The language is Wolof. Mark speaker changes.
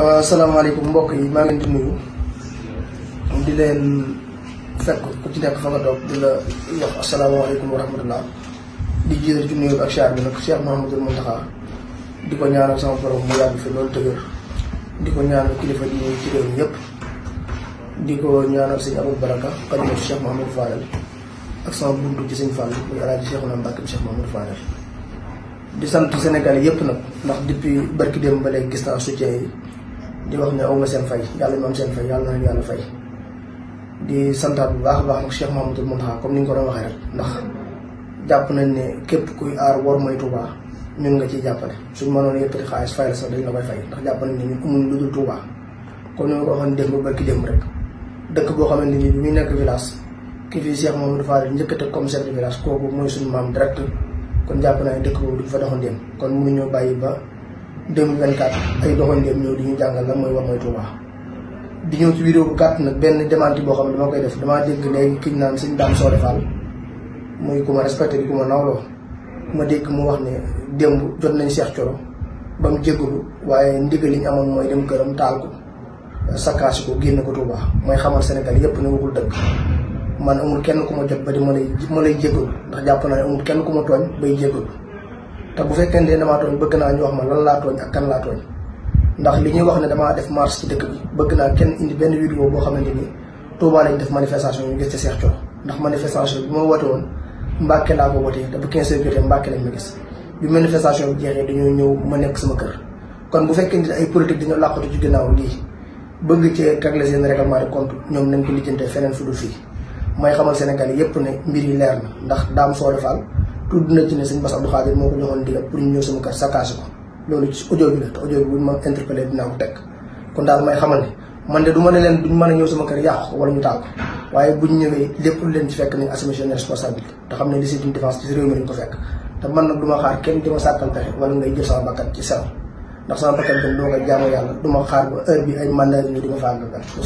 Speaker 1: Euh, salaamaaleykum mbokk yi maa ngi leen di di leen fekk ku ci nekk fa di la wax asalaamaaleykum wa rahmatullah di jiital ci nuyu ak chaar bi nag Cheikh Mouhamadul Mountakha di ko ñaanal kilifa di ci réew mi yëpp di ko ñaanal ak sama buntu ci sëñ Fall muy alaaji Cheikh Ouna Mbacke di sant Sénégal yëpp nag ndax depuis barki démb ba léegi gis naa soutien yi di wax ne aw ma seen fay yàlla ñu am yàlla nañu yàlla fay di santaat bu baax a baax nag Cheikh Mouhamadoul Mountakha comme ni nga ko doon waxee rek ndax jàpp nañ ne képp kuy aar war mooy Touba ñun nga ciy jàppale suñ mënoon yëppati xaalis fay la sax dañ la koy fay ndax jàpp nañ ne ñun amuñ lu dul Touba comme ni ma ko waxoon démb barki rek dëkk boo xamante ni bi muy nekk village ki fii Cheikh Mouhamadou Fall njëkk a teg comme chef village kooku mooy suñu maam direct kon jàpp naa ne dëkk boobu duñ fa doxoon démb kon mënuñoo bàyyi ba 2024 ay doxandéem ñëw di ñu jàngal lan mooy war mooy Touba di ñëw ci vidéo bu gàtt na benn démenti boo xam ne dama koy def damaa dégg léegi kiñ naan si Dame Sode Fall muy ku ma respecté di ku ma nawloo ma dégg mu wax ne démb jot nañ seex Thioro ba mu waaye ndigal li ñu amoon mooy dem këram taal ko sakkaasi ko génn ko Touba mooy xamal Sénégal yépp ne waxul dëgg man amul kenn ku ma jot ba di ma lay ma lay jégalu ndax jàpp naa ne amul kenn ku ma tooñ bay te bu fekkee ne damaa tooñ bëgg naa ñu wax ma lan laa tooñ ak kan laa tooñ ndax li ñuy wax ne damaa def marche ci dëkk bi bëgg naa kenn indi benn vidéo boo xamante ni Touba lañ def manifestation ñu gis ci Cheikh ndax manifestation bi ma woon Mbàkke laa ko wootee te bu 15 heures jotee Mbàkke lañ ma gis bi ñëw ma nekk sama kër kon bu fekkee ne ay politique dañoo làqatu ci ginnaaw lii bëgg cee ñoom nañ ko lijjantee feneen fu dul fii may xamal Sénégal yépp ne mbir yi leer na ndax daam soo Fall tudd na ci ne sëñ Bass Abdou Khadir moo ko joxoon pour ñëw sama kër saccage ko loolu ci audio bi la audio bi buñ ma interpellé dinaa ko teg kon daal may xamal ne man de du ne leen duñ mën ñëw sama kër yàq wala ñu taal ko waaye buñ ñëwee lu leen ci fekk nañ assumer seen responsabilité te xam li c'est une défense ci réew mi ko fekk man xaar kenn wala ngay jël sama ci sel ndax sama xaar ba heure bi ay mandat ñu